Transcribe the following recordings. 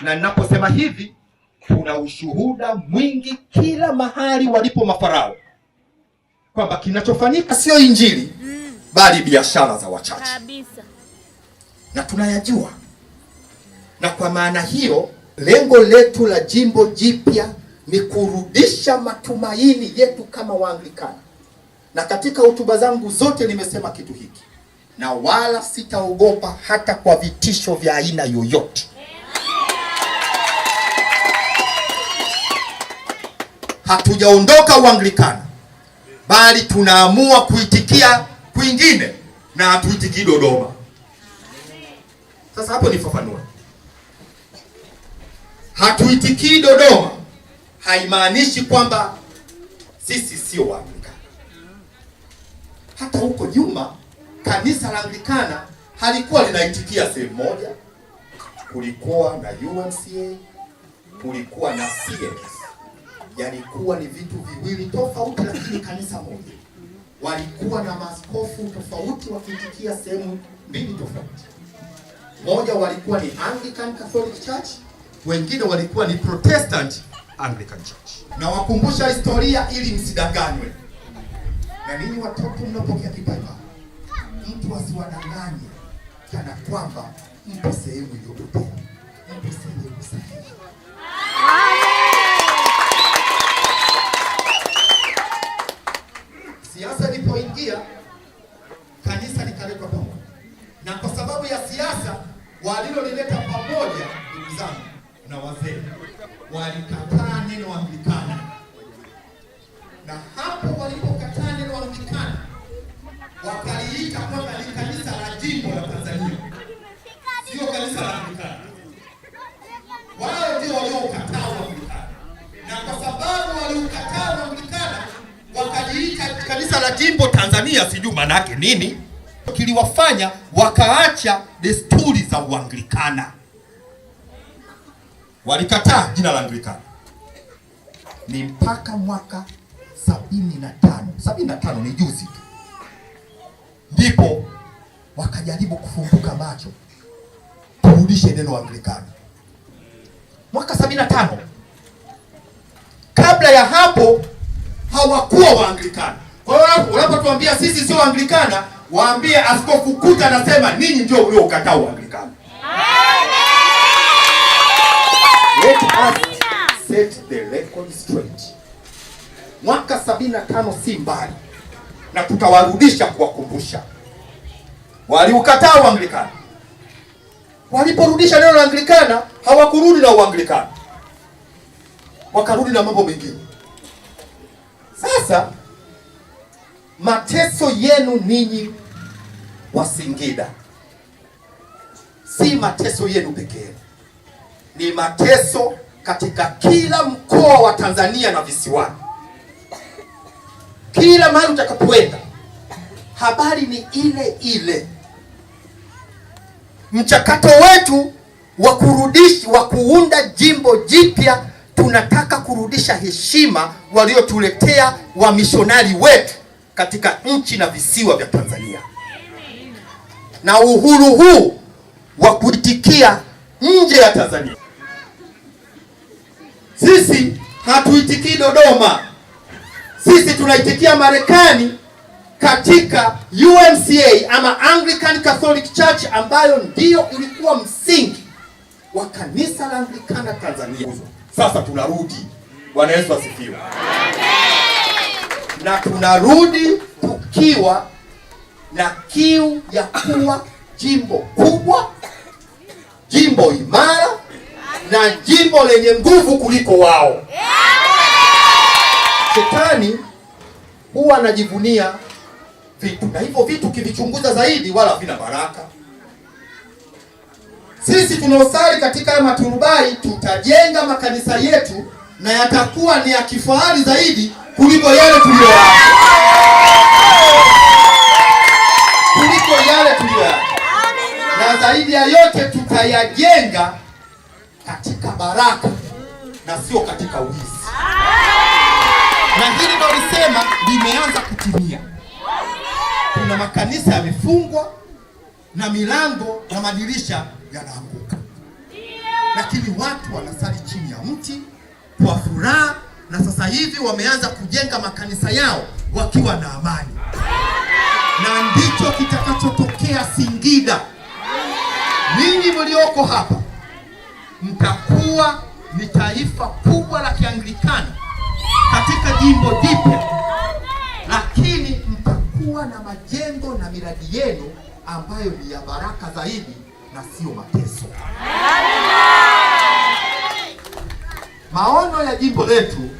na ninaposema hivi, kuna ushuhuda mwingi kila mahali walipo mafarao kwamba kinachofanyika sio injili mm, bali biashara za wachache kabisa, na tunayajua. Na kwa maana hiyo, lengo letu la jimbo jipya ni kurudisha matumaini yetu kama Waanglikana, na katika hotuba zangu zote nimesema kitu hiki, na wala sitaogopa hata kwa vitisho vya aina yoyote. hatujaondoka Uanglikana, bali tunaamua kuitikia kwingine na hatuitikii Dodoma. Sasa hapo nifafanua, hatuitikii Dodoma haimaanishi kwamba sisi sio Waanglikana. Hata huko nyuma kanisa la Anglikana halikuwa linaitikia sehemu moja, kulikuwa na UMCA, kulikuwa na CMC yalikuwa ni vitu viwili tofauti, lakini kanisa moja. Walikuwa na maskofu tofauti wakiitikia sehemu mbili tofauti. Moja walikuwa ni Anglican Catholic Church, wengine walikuwa ni Protestant Anglican Church. Na wakumbusha historia ili msidanganywe. Na ninyi watoto mnapokea kipaimara, mtu asiwadanganye kana kwamba mpo sehemu iliyopotea, mpo sehemu walilolileta pamoja, ndugu zangu na wazee, walikataa neno Anglikana, na hapo walipokataa neno Anglikana wakaliita kwamba ni kanisa la jimbo la Tanzania, sio kanisa la Anglikana. Wao ndio walioukataa Uanglikana, na kwa sababu waliukataa Uanglikana wakaliika kanisa la jimbo Tanzania, sijui maana yake nini kiliwafanya wakaacha desturi za Uanglikana, walikataa jina la Anglikana. Ni mpaka mwaka na tano ni juzi tu, ndipo wakajaribu kufunguka macho, turudishe neno Anglikana mwaka tano. Kabla ya hapo hawakuwa Waanglikana. Kwa hiyo unapotuambia sisi sio Waanglikana waambie Askofu Kuta anasema ninyi ndio ukataa uanglikana. Let us set the record straight. Mwaka si mbali, na tutawarudisha kuwakumbusha waliukataa uanglikana. Waliporudisha neno la Anglikana, hawakurudi na uanglikana, wakarudi na mambo mengine. Sasa mateso yenu ninyi wa Singida. Si mateso yenu pekee, ni mateso katika kila mkoa wa Tanzania na visiwani. Kila mahali utakapoenda, habari ni ile ile. Mchakato wetu wa kurudisha wa kuunda jimbo jipya, tunataka kurudisha heshima waliotuletea wamishonari wetu katika nchi na visiwa vya na uhuru huu wa kuitikia nje ya Tanzania. Sisi hatuitikii Dodoma, sisi tunaitikia Marekani katika UMCA ama Anglican Catholic Church ambayo ndiyo ilikuwa msingi wa kanisa la Anglikana Tanzania. Sasa tunarudi, Bwana Yesu asifiwe, na tunarudi tukiwa na kiu ya kuwa jimbo kubwa, jimbo imara na jimbo lenye nguvu kuliko wao. Shetani huwa anajivunia vitu na hivyo vitu kivichunguza zaidi wala vina baraka. Sisi tunaosali katika maturubai tutajenga makanisa yetu na yatakuwa ni ya kifahari zaidi kuliko yale tuliyonayo kuliko yale tuliyoyana, na zaidi ya yote tutayajenga katika baraka na sio katika uwizi, na hili ndio lisema limeanza kutimia. Kuna makanisa yamefungwa na milango na madirisha yanaanguka, lakini watu wanasali chini ya mti kwa furaha, na sasa hivi wameanza kujenga makanisa yao wakiwa na amani, na ndicho kitakacho ya Singida, ninyi mlioko hapa mtakuwa ni taifa kubwa la Kianglikana katika jimbo jipya, lakini mtakuwa na majengo na miradi yenu ambayo ni ya baraka zaidi na sio mateso. Maono ya jimbo letu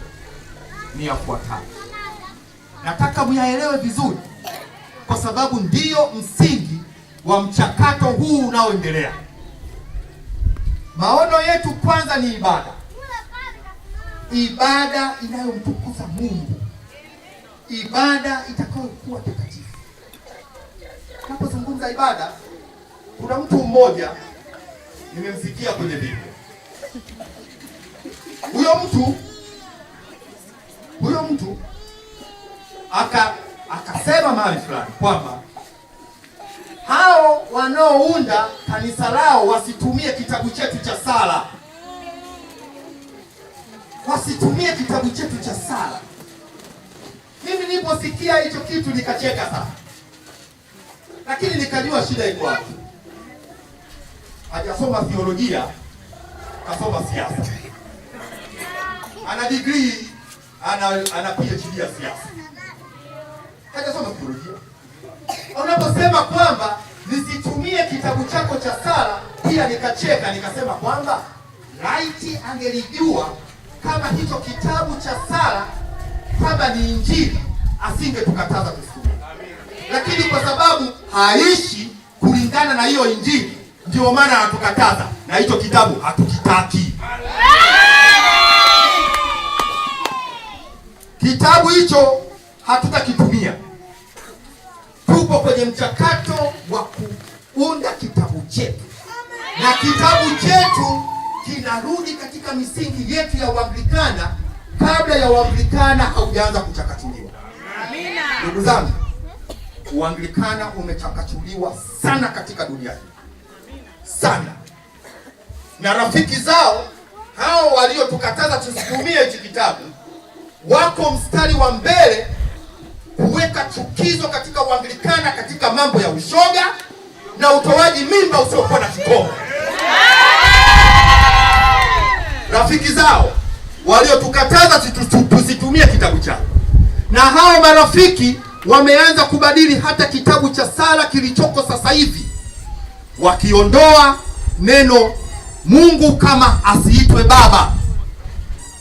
ni yafuatayo, nataka muyaelewe vizuri, kwa sababu ndiyo msingi wa mchakato huu unaoendelea. Maono yetu kwanza ni ibada, ibada inayomtukuza Mungu, ibada itakayokuwa takatifu. napozungumza ibada, kuna mtu mmoja nimemsikia kwenye Biblia. Huyo mtu huyo mtu aka akasema mahali fulani kwamba hao wanaounda kanisa lao wasitumie kitabu chetu cha sala, wasitumie kitabu chetu cha sala. Mimi niliposikia hicho kitu nikacheka sana, lakini nikajua shida iko wapi. Hajasoma theolojia, kasoma siasa, ana degree, ana ana PhD ya siasa, hajasoma theolojia unaposema kwamba nisitumie kitabu chako cha sala, pia nikacheka nikasema kwamba laiti angelijua kama hicho kitabu cha sala kama ni Injili asingetukataza kusitumia, lakini kwa sababu haishi kulingana na hiyo Injili, ndio maana hatukataza na hicho kitabu hatukitaki. Kitabu hicho hatutakitumia tupo kwenye mchakato wa kuunda kitabu chetu, na kitabu chetu kinarudi katika misingi yetu ya Uanglikana kabla ya Uanglikana haujaanza kuchakachuliwa. Ndugu zangu, Uanglikana umechakachuliwa sana katika dunia hii sana, na rafiki zao hao waliotukataza tusitumie hichi kitabu wako mstari wa mbele huweka chukizo katika Uanglikana katika mambo ya ushoga na utoaji mimba usiokuwa na kikomo. Rafiki zao waliotukataza tusitumie kitabu chao, na hao marafiki wameanza kubadili hata kitabu cha sala kilichoko sasa hivi, wakiondoa neno Mungu kama asiitwe Baba,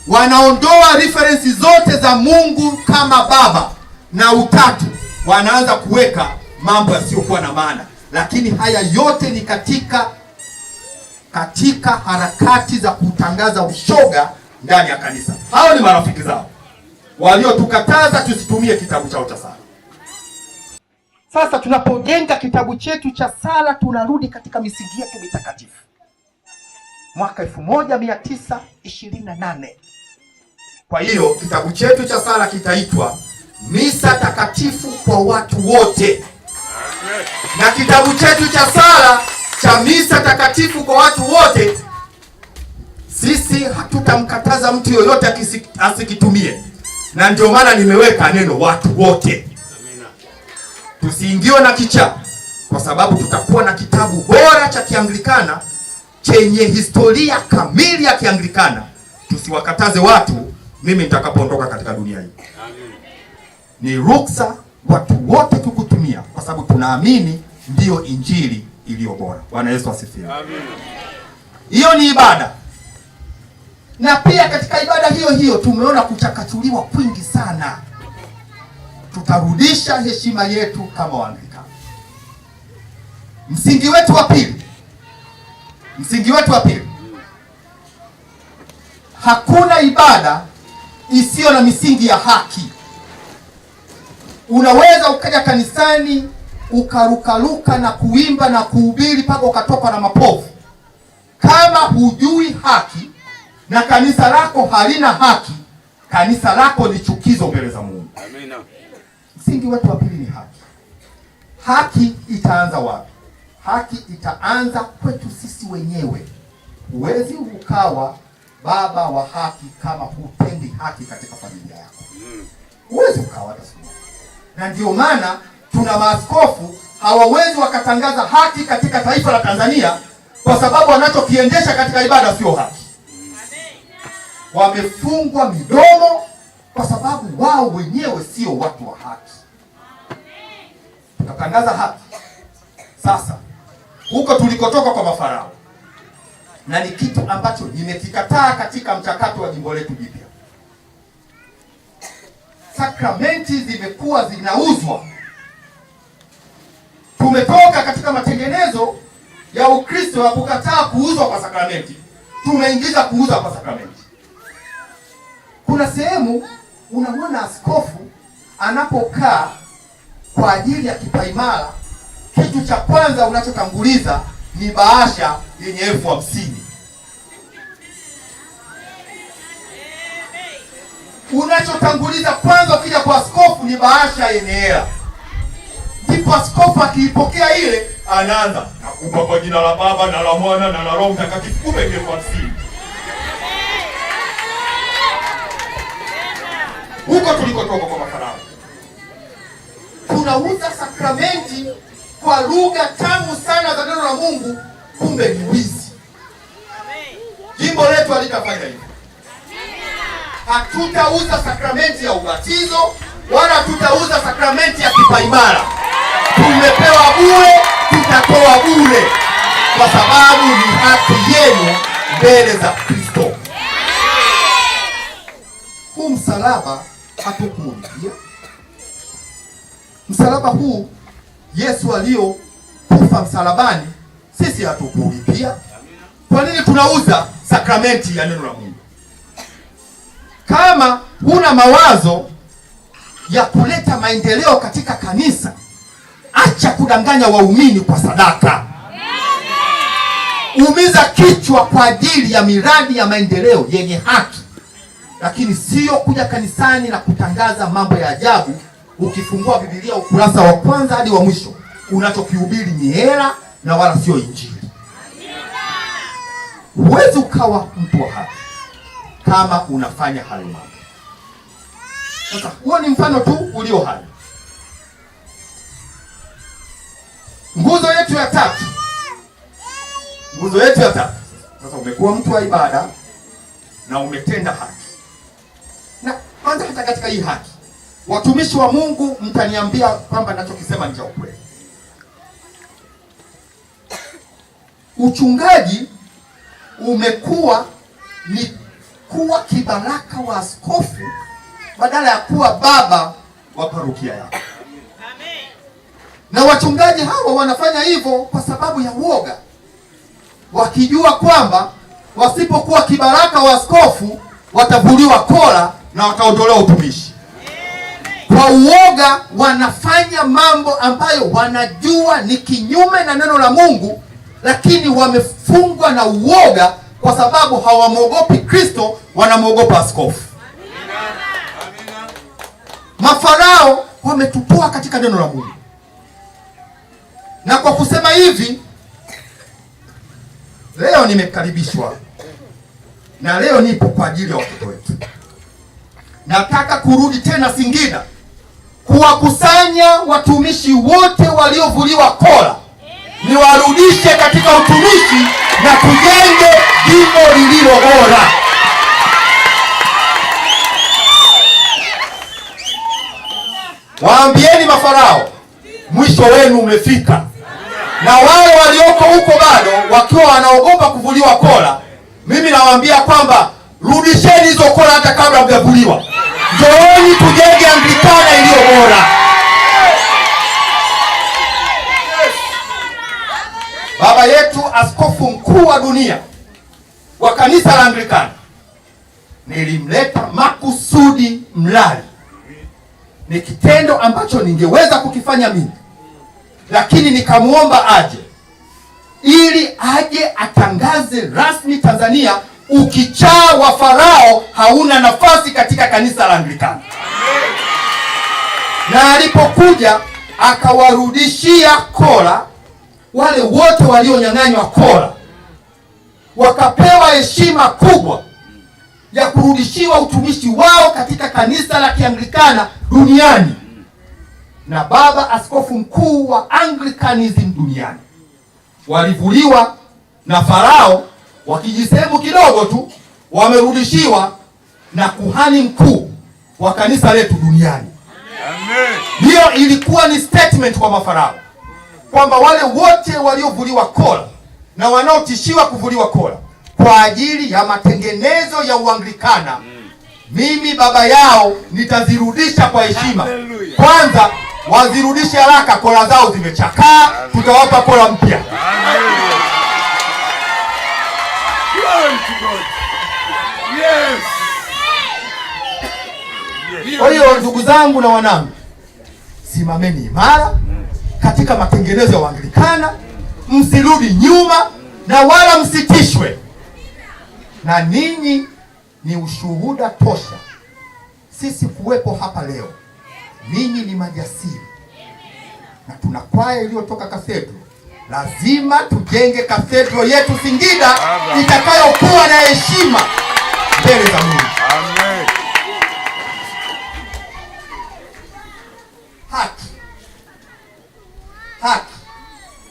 wanaondoa referensi zote za Mungu kama Baba na utatu wanaanza kuweka mambo yasiyokuwa na maana, lakini haya yote ni katika katika harakati za kutangaza ushoga ndani ya kanisa. Hao ni marafiki zao waliotukataza tusitumie kitabu chao cha sala. Sasa tunapojenga kitabu chetu cha sala, tunarudi katika misingi yetu mitakatifu. Mwaka 1928 kwa hiyo kitabu chetu cha sala kitaitwa misa takatifu kwa watu wote, na kitabu chetu cha sala cha misa takatifu kwa watu wote, sisi hatutamkataza mtu yoyote asikitumie, na ndio maana nimeweka neno watu wote. Tusiingiwe na kichaa, kwa sababu tutakuwa na kitabu bora cha Kianglikana chenye historia kamili ya Kianglikana. Tusiwakataze watu, mimi nitakapoondoka katika dunia hii ni ruksa watu wote kukutumia, kwa sababu tunaamini ndiyo injili iliyo bora. Bwana Yesu asifiwe. Hiyo ni ibada, na pia katika ibada hiyo hiyo tumeona kuchakachuliwa kwingi sana. Tutarudisha heshima yetu kama Waanglikana. Msingi wetu wa pili, msingi wetu wa pili, hakuna ibada isiyo na misingi ya haki. Unaweza ukaja kanisani ukarukaruka na kuimba na kuhubiri mpaka ukatoka na mapovu. Kama hujui haki na kanisa lako halina haki, kanisa lako ni chukizo mbele za Mungu. Amina. Msingi wetu wa pili ni haki. Haki itaanza wapi? Haki itaanza kwetu sisi wenyewe. Huwezi ukawa baba wa haki kama hutendi haki katika familia yako, mm. huwezi ukawa hata na ndio maana tuna maaskofu hawawezi wakatangaza haki katika taifa la Tanzania kwa sababu wanachokiendesha katika ibada sio haki. Wamefungwa midomo kwa sababu wao wenyewe sio watu wa haki. Tutatangaza haki sasa huko tulikotoka kwa mafarao, na ni kitu ambacho nimekikataa katika mchakato wa jimbo letu jipya sakramenti zimekuwa zinauzwa. Tumetoka katika matengenezo ya Ukristo ya kukataa kuuzwa kwa sakramenti, tumeingiza kuuza kwa sakramenti. Kuna sehemu unamwona askofu anapokaa kwa ajili ya kipaimara, kitu cha kwanza unachotanguliza ni bahasha yenye elfu hamsini. unachotanguliza kwanza, ukija kwa askofu ni bahasha yenye hela, ndipo askofu akiipokea ile anaanza nakupa kwa jina la Baba na la Mwana na la Roho Mtakatifu. Kumbe kwa fasili huko tulikotoka kwa mafarao, tunauza sakramenti kwa lugha tamu sana za neno la Mungu, kumbe ni wizi. Jimbo letu halitafanya hivyo hatutauza sakramenti ya ubatizo wala tutauza sakramenti ya kipaimara. Tumepewa bure, tutatoa bure, kwa sababu ni haki yenu mbele za Kristo. Huu msalaba hatukumwambia Msalaba huu Yesu aliyokufa msalabani, sisi hatukuulipia. Kwa nini tunauza sakramenti ya neno la Mungu? huna mawazo ya kuleta maendeleo katika kanisa, acha kudanganya waumini kwa sadaka. Umiza kichwa kwa ajili ya miradi ya maendeleo yenye haki, lakini sio kuja kanisani na kutangaza mambo ya ajabu. Ukifungua Biblia ukurasa wa kwanza hadi wa mwisho, unachokihubiri ni hela na wala sio Injili. Huwezi ukawa mtu wa haki kama unafanya hayo. Sasa huo ni mfano tu ulio hai. Nguzo yetu ya tatu, nguzo yetu ya tatu. Sasa umekuwa mtu wa ibada na umetenda haki, na kwanza, hata katika hii haki, watumishi wa Mungu, mtaniambia kwamba ninachokisema ni cha ukweli. Uchungaji umekuwa ni kuwa kibaraka wa askofu badala ya kuwa baba wa parokia yako. Na wachungaji hawa wanafanya hivyo kwa sababu ya uoga, wakijua kwamba wasipokuwa kibaraka wa askofu watavuliwa kola na wataondolewa utumishi. Kwa uoga wanafanya mambo ambayo wanajua ni kinyume na neno la Mungu, lakini wamefungwa na uoga kwa sababu hawamwogopi Kristo, wanamwogopa askofu. Mafarao wametupoa katika neno la Mungu, na kwa kusema hivi leo nimekaribishwa na leo nipo kwa ajili ya watoto wetu. Nataka kurudi tena Singida kuwakusanya watumishi wote waliovuliwa kola, niwarudishe katika utumishi na tujenge jimbo lililo bora. Waambieni mafarao mwisho wenu umefika, na wale walioko huko bado wakiwa wanaogopa kuvuliwa kola, mimi nawaambia kwamba rudisheni hizo kola hata kabla hujavuliwa. Njooni tujenge Anglikana iliyo bora. Baba yetu askofu mkuu wa dunia wa kanisa la Anglikana nilimleta makusudi mlali ni kitendo ambacho ningeweza kukifanya mimi, lakini nikamwomba aje ili aje atangaze rasmi Tanzania, ukichaa wa Farao hauna nafasi katika kanisa la Anglikana. Na alipokuja akawarudishia kola wale wote walionyang'anywa kola, wakapewa heshima kubwa ya kurudishiwa utumishi wao katika kanisa la Kianglikana duniani na baba askofu mkuu wa Anglicanism duniani. Walivuliwa na Farao wakijisehemu kidogo tu, wamerudishiwa na kuhani mkuu wa kanisa letu duniani. Hiyo ilikuwa ni statement kwa mafarao kwamba wale wote waliovuliwa kola na wanaotishiwa kuvuliwa kola kwa ajili ya matengenezo ya Uanglikana Mimi baba yao nitazirudisha kwa heshima. Kwanza wazirudishe haraka, kola zao zimechakaa, tutawapa kola mpya. Kwa hiyo ndugu zangu na wanangu, simameni imara katika matengenezo ya Uanglikana, msirudi nyuma na wala msitishwe na ninyi ni ushuhuda tosha sisi kuwepo hapa leo. Ninyi ni majasiri, na tuna kwaya iliyotoka Kafedro. Lazima tujenge Kafedro yetu Singida itakayokuwa na heshima mbele za Mungu. Haki, haki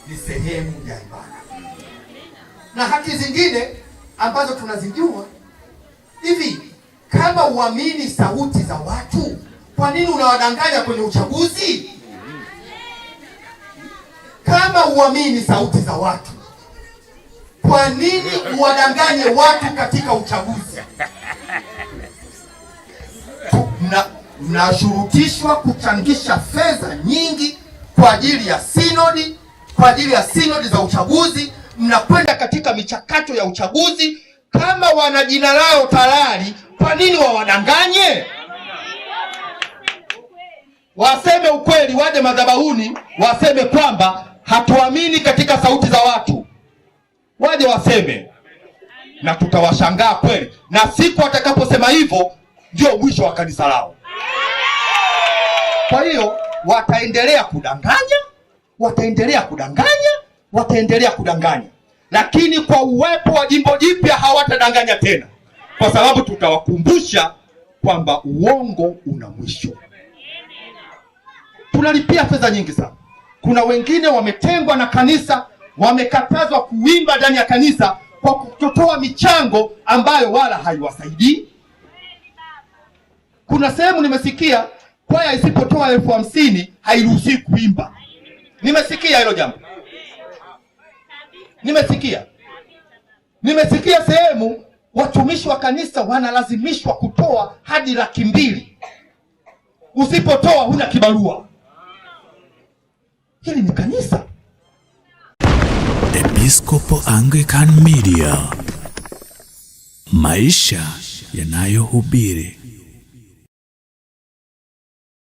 ni sehemu ya ibada na haki zingine ambazo tunazijua. Hivi kama uamini sauti za watu, kwa nini unawadanganya kwenye uchaguzi? Kama uamini sauti za watu, kwa nini uwadanganye watu katika uchaguzi? Mnashurutishwa kuchangisha fedha nyingi kwa ajili ya sinodi, kwa ajili ya sinodi za uchaguzi mnakwenda katika michakato ya uchaguzi, kama wana jina lao tayari, kwa nini wawadanganye? Waseme ukweli, waje madhabahuni waseme kwamba hatuamini katika sauti za watu, waje waseme, na tutawashangaa kweli, na siku watakaposema hivyo ndio mwisho wa kanisa lao. Kwa hiyo wataendelea kudanganya, wataendelea kudanganya wataendelea kudanganya, lakini kwa uwepo wa jimbo jipya hawatadanganya tena, kwa sababu tutawakumbusha kwamba uongo una mwisho. Tunalipia fedha nyingi sana. Kuna wengine wametengwa na kanisa, wamekatazwa kuimba ndani ya kanisa kwa kutotoa michango ambayo wala haiwasaidii. Kuna sehemu nimesikia kwaya isipotoa elfu hamsini hairuhusiwi kuimba. Nimesikia hilo jambo. Nimesikia, nimesikia sehemu watumishi wa kanisa wanalazimishwa kutoa hadi laki mbili. Usipotoa huna kibarua. Hili ni kanisa. Episcopal Anglican Media, maisha yanayohubiri.